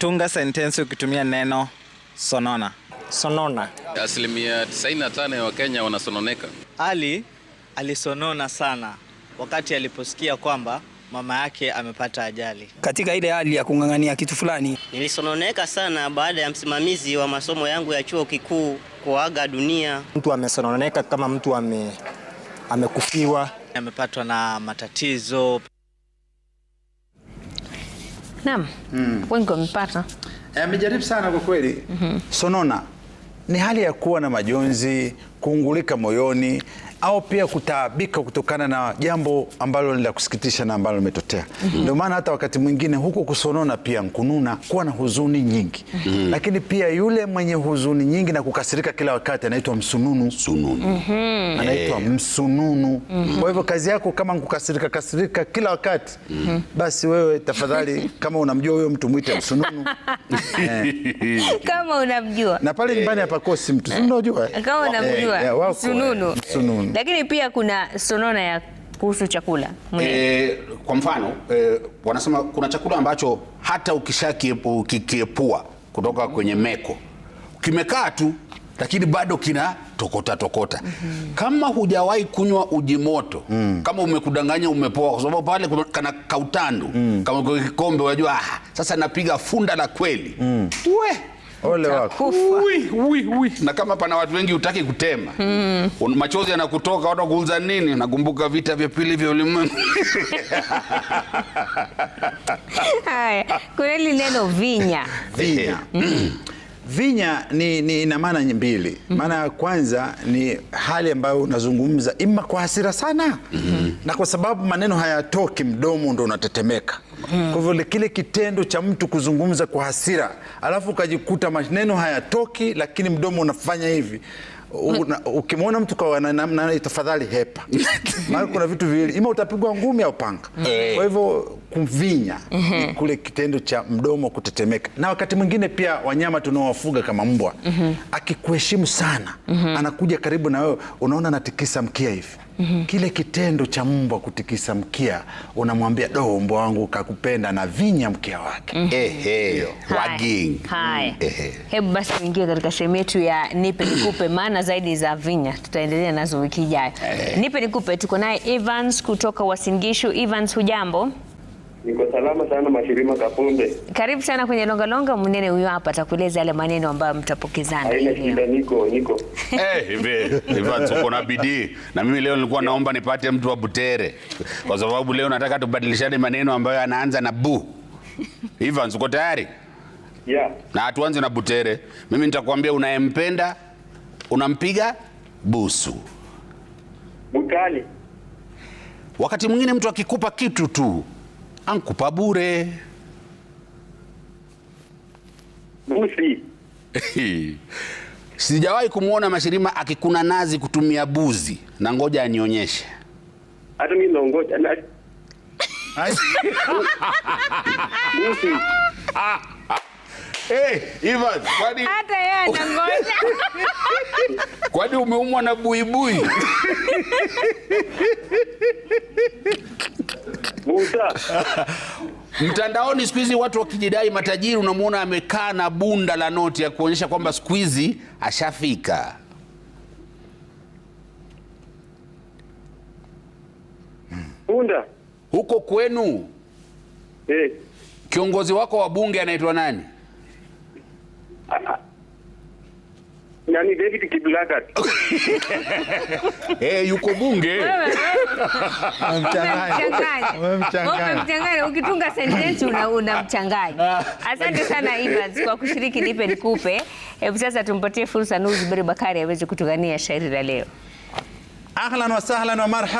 Tunga sentensi ukitumia neno sonona. Sonona. Asilimia 95 ya Wakenya wanasononeka. Ali alisonona sana wakati aliposikia kwamba mama yake amepata ajali. Katika ile hali ya kung'ang'ania kitu fulani, nilisononeka sana baada ya msimamizi wa masomo yangu ya chuo kikuu kuaga dunia. Mtu amesononeka kama mtu ame amekufiwa, amepatwa na matatizo. Naam. Mm. Wengi wamepata. Eh, amejaribu sana kwa kweli. Mm -hmm. Sonona ni hali ya kuwa na majonzi, kuungulika moyoni au pia kutaabika kutokana na jambo ambalo ni la kusikitisha na ambalo limetotea. mm -hmm. Ndio maana hata wakati mwingine huko kusonona pia nkununa, kuwa na huzuni nyingi. mm -hmm. Lakini pia yule mwenye huzuni nyingi na kukasirika kila wakati anaitwa msununu. Sununu. mm -hmm. Anaitwa eh. msununu. mm -hmm. Kwa hivyo kazi yako kama kukasirika kasirika kila wakati, mm -hmm. basi wewe tafadhali, kama unamjua huyo mtu mwite msununu. Eh. Kama unamjua na pale nyumbani hapakosi mtu, si unajua eh. kama unamjua msununu. Lakini pia kuna sonona ya kuhusu chakula e, kwa mfano e, wanasema kuna chakula ambacho hata ukishakiepua kutoka kwenye meko kimekaa tu, lakini bado kina tokota tokota. mm -hmm. Kama hujawahi kunywa uji moto mm. Kama umekudanganya umepoa, kwa sababu pale kana kautandu mm. Kama kikombe unajua, ah, sasa napiga funda la kweli mm. we Ole wako. Ui, ui, ui. Na kama pana watu wengi utaki kutema mm. Machozi yanakutoka watu kuuza nini? Nakumbuka vita vya pili vya ulimwengu. Haya, kuna neno vinya. Vinya. Mm. Vinya ni, ni ina maana mbili. Hmm. Maana ya kwanza ni hali ambayo unazungumza ima kwa hasira sana mm -hmm. Na kwa sababu maneno hayatoki, mdomo ndo unatetemeka Mm. Kwa hivyo kile kitendo cha mtu kuzungumza kwa hasira alafu ukajikuta maneno hayatoki, lakini mdomo unafanya hivi ukimwona mtu kwa tafadhali hepa, maana kuna vitu viwili, ima utapigwa ngumi au panga. Mm. Eh. Kwa hivyo kuvinya ni mm-hmm. kule kitendo cha mdomo kutetemeka, na wakati mwingine pia wanyama tunaowafuga kama mbwa mm-hmm. akikuheshimu sana, mm-hmm. anakuja karibu na wewe, unaona anatikisa mkia hivi -hmm. Kile kitendo cha mbwa kutikisa mkia, unamwambia do, mbwa wangu kakupenda na vinya mkia wake. mm -hmm. Ehe, waging. Hai. Ehe. Hebu basi tuingie katika sehemu yetu ya nipe nikupe, maana zaidi za vinya tutaendelea nazo wiki ijayo. Nipe nikupe, tuko naye Evans kutoka Wasingishu. Evans, hujambo? Niko salama sana Mashirima Kapunde. Karibu sana kwenye Longa Longa. Mnene huyo hapa atakueleza yale maneno ambayo mtapokezana. Haina shida, niko niko. Eh, hivi hivi tuko na bidii. Na mimi leo nilikuwa naomba nipate mtu wa Butere kwa sababu leo nataka tubadilishane maneno ambayo anaanza na bu. Hivi uko tayari? Yeah. Na tuanze na Butere. Mimi nitakwambia unayempenda unampiga busu. Bukali. Wakati mwingine mtu akikupa kitu tu ankupa bure buzi. Sijawahi kumwona Mashirima akikuna nazi kutumia buzi, na ngoja anionyeshe hata mimi naongoja na buzi eh, hata Kwani umeumwa na buibui? mtandaoni. Siku hizi watu wakijidai matajiri, unamwona amekaa na bunda la noti ya kuonyesha kwamba siku hizi ashafika. Bunda huko kwenu eh. Kiongozi wako wa bunge anaitwa nani? Nani? David Kiplagat. Eh, yuko bunge. Umemchanganya, ukitunga sentensi unamchanganya. Asante sana Ivans kwa kushiriki nipe nikupe. Hebu sasa tumpatie fursa Nuzuberi Bakari aweze kutugania shairi la leo. Ahlan wa sahlan wa marhaba.